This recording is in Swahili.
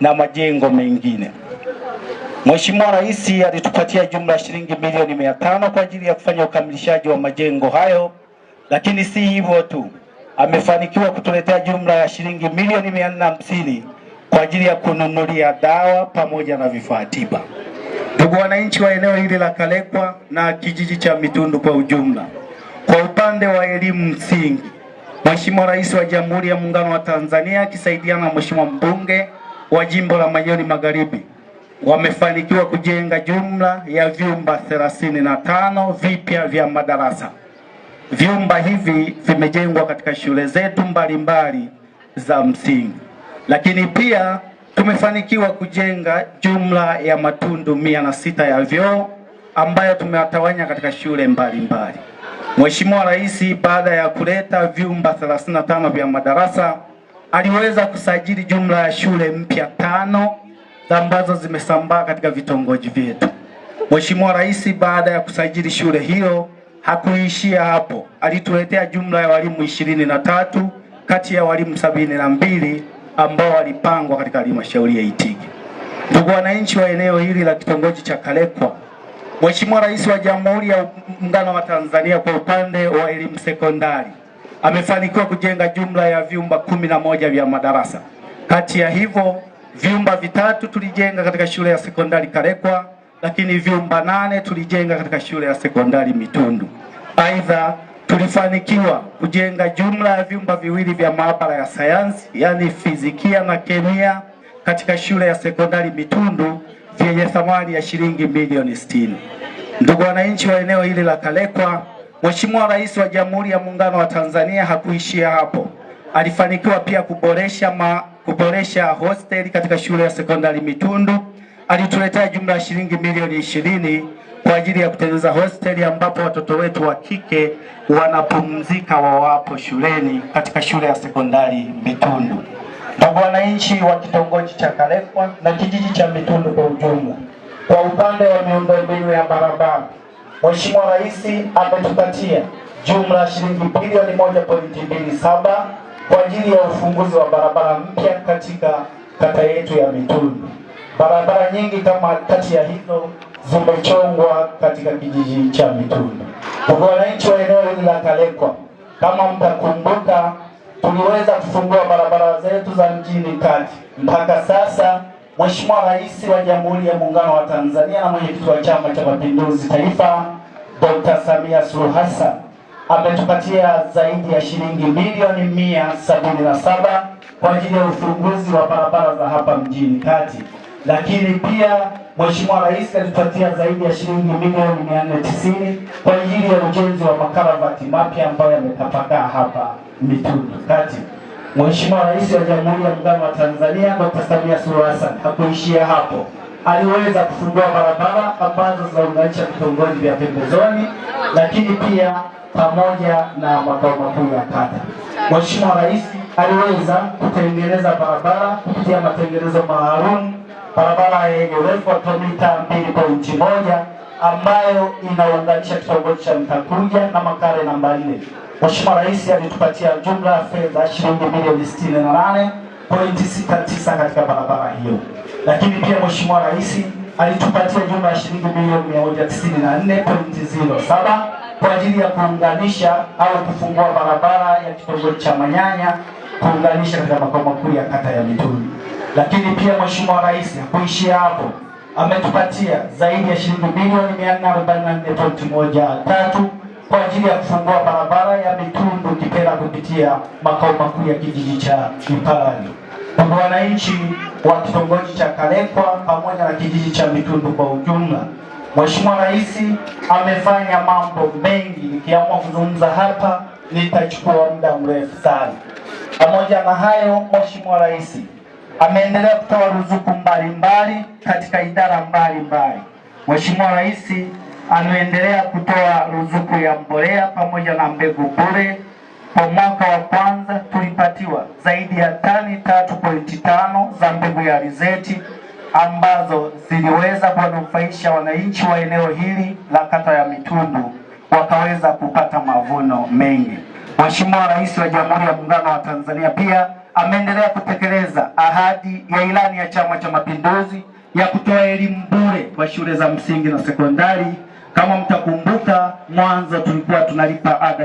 na majengo mengine. Mheshimiwa Rais alitupatia jumla ya shilingi milioni mia tano kwa ajili ya kufanya ukamilishaji wa majengo hayo, lakini si hivyo tu, amefanikiwa kutuletea jumla ya shilingi milioni mia nne hamsini kwa ajili ya kununulia dawa pamoja na vifaa tiba. Ndugu wananchi wa eneo hili la Kalekwa na kijiji cha Mitundu kwa ujumla, kwa upande wa elimu msingi Mheshimiwa Rais wa Jamhuri ya Muungano wa Tanzania akisaidiana na Mheshimiwa mbunge wa jimbo la Manyoni Magharibi wamefanikiwa kujenga jumla ya vyumba 35 vipya vya madarasa. Vyumba hivi vimejengwa katika shule zetu mbalimbali mbali za msingi, lakini pia tumefanikiwa kujenga jumla ya matundu mia na sita ya vyoo ambayo tumewatawanya katika shule mbalimbali mbali. Mheshimiwa Rais baada ya kuleta vyumba 35 vya madarasa aliweza kusajili jumla ya shule mpya tano ambazo zimesambaa katika vitongoji vyetu. Mheshimiwa Rais baada ya kusajili shule hiyo hakuishia hapo, alituletea jumla ya walimu ishirini na tatu kati ya walimu sabini na mbili ambao walipangwa katika halmashauri ya Itigi. Ndugu wananchi wa eneo hili la kitongoji cha Kalekwa Mheshimiwa Rais wa Jamhuri ya Muungano wa Tanzania kwa upande wa elimu sekondari amefanikiwa kujenga jumla ya vyumba kumi na moja vya madarasa. Kati ya hivyo vyumba vitatu tulijenga katika shule ya sekondari Karekwa, lakini vyumba nane tulijenga katika shule ya sekondari Mitundu. Aidha, tulifanikiwa kujenga jumla ya vyumba viwili vya maabara ya sayansi, yaani fizikia na kemia katika shule ya sekondari Mitundu yenye thamani ya shilingi bilioni 60. Ndugu wananchi wa eneo hili la Kalekwa, Mheshimiwa Rais wa Jamhuri ya Muungano wa Tanzania hakuishia hapo. Alifanikiwa pia kuboresha ma, kuboresha hosteli katika shule ya sekondari Mitundu. Alituletea jumla ya shilingi milioni ishirini kwa ajili ya kutengeneza hosteli ambapo watoto wetu wa kike wanapumzika wawapo shuleni katika shule ya sekondari Mitundu. Ndugu wananchi wa kitongoji cha Kalekwa na kijiji cha Mitundu kwa ujumla, kwa upande wa miundombinu ya barabara, Mheshimiwa Rais ametupatia jumla shilingi bilioni 1.27 kwa ajili ya ufunguzi wa barabara mpya katika kata yetu ya Mitundu. Barabara nyingi kama kati ya hizo zimechongwa katika kijiji cha Mitundu. Ndugu wananchi wa eneo hili la Kalekwa, kama mtakumbuka tuliweza kufungua barabara zetu za mjini kati. Mpaka sasa Mheshimiwa Rais wa Jamhuri ya Muungano wa Tanzania na mwenyekiti wa Chama cha Mapinduzi Taifa Dr. Samia Suluhu Hassan ametupatia zaidi ya shilingi milioni mia sabini na saba kwa ajili ya ufunguzi wa barabara za hapa mjini kati, lakini pia Mheshimiwa Rais alitupatia zaidi ya shilingi milioni mia nne tisini kwa ajili ya ujenzi wa makaravati mapya ambayo yametapakaa hapa mitume kati. Mheshimiwa Rais wa Jamhuri ya Muungano wa Tanzania Dr. Samia Suluhu Hassan hakuishia hapo, aliweza kufungua barabara ambazo zinaunganisha vitongoji vya pembezoni, lakini pia pamoja na makao makuu ya kata. Mheshimiwa Rais aliweza kutengeneza barabara kupitia matengenezo maalum, barabara yenye urefu wa kilomita moja ambayo inaunganisha kitongoji cha Mtakuja na Makare namba 4. Mheshimiwa Rais alitupatia jumla ya fedha shilingi milioni 68.69 katika barabara hiyo, lakini pia Mheshimiwa Rais alitupatia jumla ya shilingi milioni 194.07 kwa ajili ya kuunganisha au kufungua barabara ya kitongoji cha Manyanya kuunganisha katika makao makuu ya kata ya Mituni. Lakini pia Mheshimiwa Rais hakuishia hapo, ametupatia zaidi ya shilingi milioni 444.13 kwa ajili ya kufungua barabara ya Mitundu Kipera kupitia makao makuu ya kijiji cha Mpalani. Ndugu wananchi wa kitongoji cha Kalekwa pamoja na kijiji cha Mitundu kwa ujumla, Mheshimiwa Rais amefanya mambo mengi, nikiamua kuzungumza hapa nitachukua muda mrefu sana. Pamoja na hayo, Mheshimiwa Rais ameendelea kutoa ruzuku mbalimbali mbali katika idara mbalimbali. Mheshimiwa Rais ameendelea kutoa ruzuku ya mbolea pamoja na mbegu bure. Kwa mwaka wa kwanza tulipatiwa zaidi ya tani tatu pointi tano za mbegu ya alizeti ambazo ziliweza kuwanufaisha wananchi wa eneo hili la kata ya Mitundu wakaweza kupata mavuno mengi. Mheshimiwa Rais wa Jamhuri ya Muungano wa Tanzania pia ameendelea kutekeleza ahadi ya ilani ya Chama cha Mapinduzi ya kutoa elimu bure kwa shule za msingi na sekondari kama mtakumbuka, mwanzo tulikuwa tunalipa ada